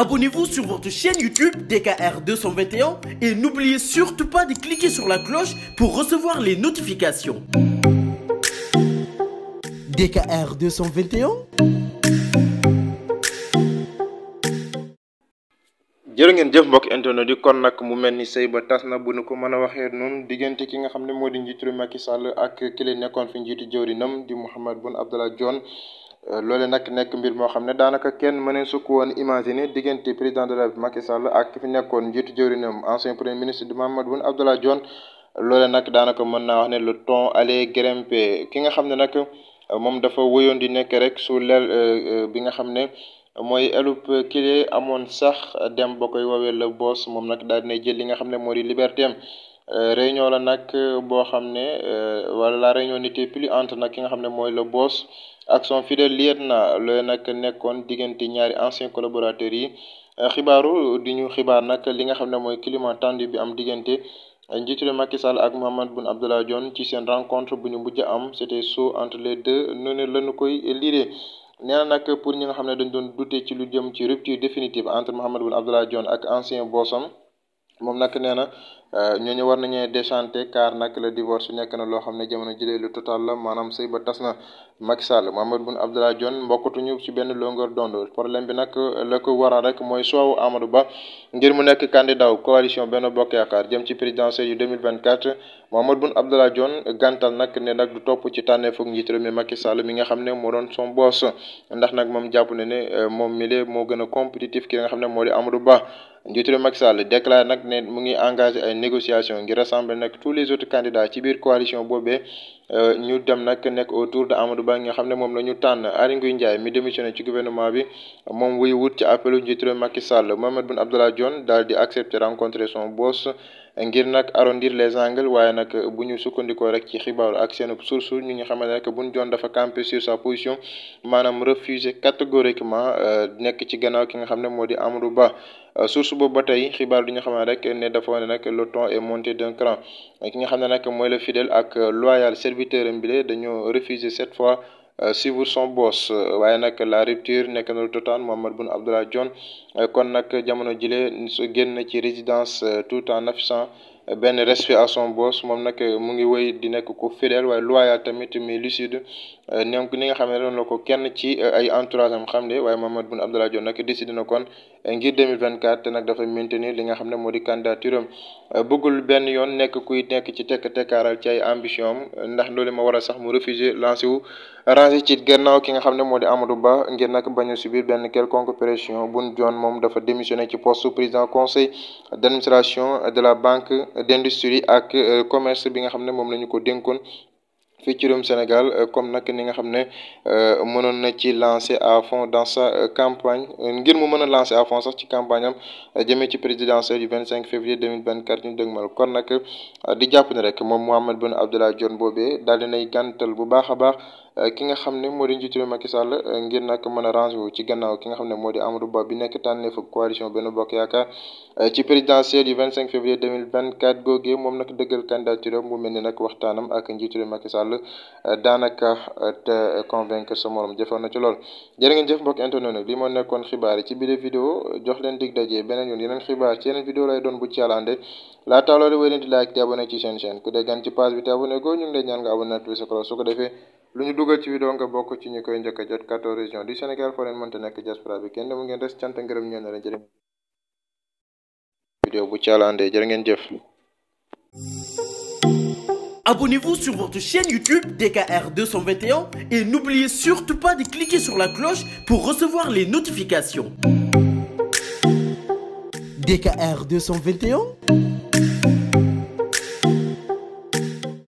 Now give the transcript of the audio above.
Abonnez-vous sur votre chaîne YouTube DKR 221 et n'oubliez surtout pas de cliquer sur la cloche pour recevoir les notifications. DKR 221. ngeen jëf mbokk internet yi kon nag mu mel ni sëy ba tas na bu nu ko mën a waxee noonu diggante ki nga xam ne moo di njiitu Macky ak ki la nekkoon fi njiitu jëwrinam di Mahammed Boun Abdallah Dionne Euh, loole nag nekk mbir moo xam ne daanaka kenn mënee sukk woon imaginer diggante président de la République Macky Sall ak fi nekkoon njiitu jëwrinam ancien premier ministre di Mahammed Boun Abdallah Dionne loole nag daanaka mën naa wax ne le ton allait grimper ki nga xam ne nag euh, moom dafa wëyoon di nekk rek su lel euh, bi nga xam ne mooy elub kile amoon sax dem ba koy woowee la boss moom nag daal dinay jël li nga xam ne moo di liberté am la nag boo xam ne wala la réunion n'était plus entre nag ki nga xam ne mooy la boss ak son fidèle na looy nag nekkoon diggante ñaari anciens collaborateurs yi xibaaru di ñu xibaar nag li nga xam ne mooy climat tendu bi am diggante njiitu Macky Sall ak Mahammed Boun Abdallah Dionne ci seen rencontre bu ñu mujj am c'était chaud entre de none noonu lañu koy liiree. nee na nag pour ñi nga xam ne dañ doon douter ci lu jëm ci rupture définitive entre Mahammed Boun Abdallah Dionne ak ancien boosam. moom nag nee na euh, ñooñu war nañu déchanté car nag le divorce nekk na loo xam ne jamono jëlee lu total la maanaam sëy ba tas na Macky Sall Mahammed Boun Abdallah Dionne mbokkatuñu ci benn longueur d'onde problème bi nag la ko waral rek mooy soowu Amadou Ba ngir mu nekk candidat wu coalition Benno Bokk Yaakaar jëm ci présidentielle yu 2024 Mahammed Boun Abdallah Dionne gàntal nag ne nag du topp ci tànneefu foog réew mi Macky Sall mi nga xam ne moo doon son boss ndax nag moom jàpp ne ne euh, moom mi lee moo gën a compétitif ki nga xam ne moo di Amadou Ba njiitu réew Macky Sall déclare nag ne mu ngi engagé ay négociations ngir rassembler nag tous les autres candidats ci biir coalition boobee euh, ñu dem nag nekk autour de Amadou Ba nga xam ne moom la ñu tànn Aly Ngouille Ndiaye mi démissionné ci gouvernement bi moom wuy wut ci appelu njiitu réew Macky Sall Mahammed Boun Abdallah Dionne daal di accepter rencontrer son boss ngir nag arrondir les angles waaye nag bu ñu sukkandikoo rek ci xibaaru ak seen source ñu ngi xamante ne que Boun Dionne dafa camper sur sa position maanaam refuser catégoriquement euh, nekk ci gannaaw ki nga xam ne moo di Amadou Ba. source boobu ba tey xibaar du ñu xamal rek ne dafa wane nag le ton est monté d'un cran ki nga xam ne nag mooy le fidèle ak loyal serviteur am bile dañoo refuser cette fois euh, suivre son boss waaye nag la rupture nekk na lu totaan Mohamed Boun Abdallah Dionne kon nag jamono jile génn ci résidence euh, tout en affichant benn respect à son boss moom nag euh, mu ngi wéy di nekk ku fidèle waaye loyal tamit mais lucide donc euh, ni nga xam ne doon ko kenn ci euh, ay entourage am xam ne waaye Mahammed Boun Abdallah Dionne nag décidé na kon ngir 2024 te nag dafa maintenir li nga xam ne moo di candidature am bëggul benn yoon nekk kuy nekk ci tekk tekkaaral ci ay ambition ndax loolu ma war a sax mu refuser lancé wu rangé ci gannaaw ki nga xam ne moo di Amadou Ba ngir nag bañ a subir benn quelconque pression Boun Dionne moom dafa démissionné ci poste président conseil d'administration de la banque d'industrie ak euh, commerce bi nga xam ne moom la ñu ko dénkoon fii ci réewum Sénégal euh, comme nag ni nga xam ne euh, mënoon na ci lancer à fond dans sa campagne ngir mu mën a lancer à fond sax ci campagne am jëmee ci présidentielle du 25 février 2024 ñu dëgmal kon nag di jàpp ne rek moom Mahammed Boun Abdallah Dionne boobee daal de nay gàntal bu baax a baax. Eh, ki nga xam ne moo di njiitu réew Macky Sall eh, ngir nag mën a rangé wu ci gannaaw ki nga xam ne moo di Amadou Ba bi nekk tànneef ak coalition Benno Bokk Yaakaar eh, ci présidentielle yu 25 février 2024 googee moom nag dëggal candidature mu mel ni nag waxtaanam ak njiitu réew Macky Sall daanaka te convaincre sa morom jëfoon na ci lool. jërë jëf mbokk internet nag li moo nekkoon xibaar yi ci biir vidéo jox leen dig daje beneen yoon yeneen xiba ci yeneen vidéo lay doon bu ci àllande laataa loolu wéy leen di like te abonné ci seen ko ñu lu ñu dugal ci vidéo nga bokk ci ñu koy njëkk a jot 14 régions du Sénégal foo leen mënta nekk diaspora bi kenn demul ngeen des cant ngërëm ñoo ne la jërë vidéo bu caalandee jërë ngeen jëf Abonnez-vous sur votre chaîne YouTube DKR 221 et n'oubliez surtout pas de cliquer sur la cloche pour recevoir les notifications. DKR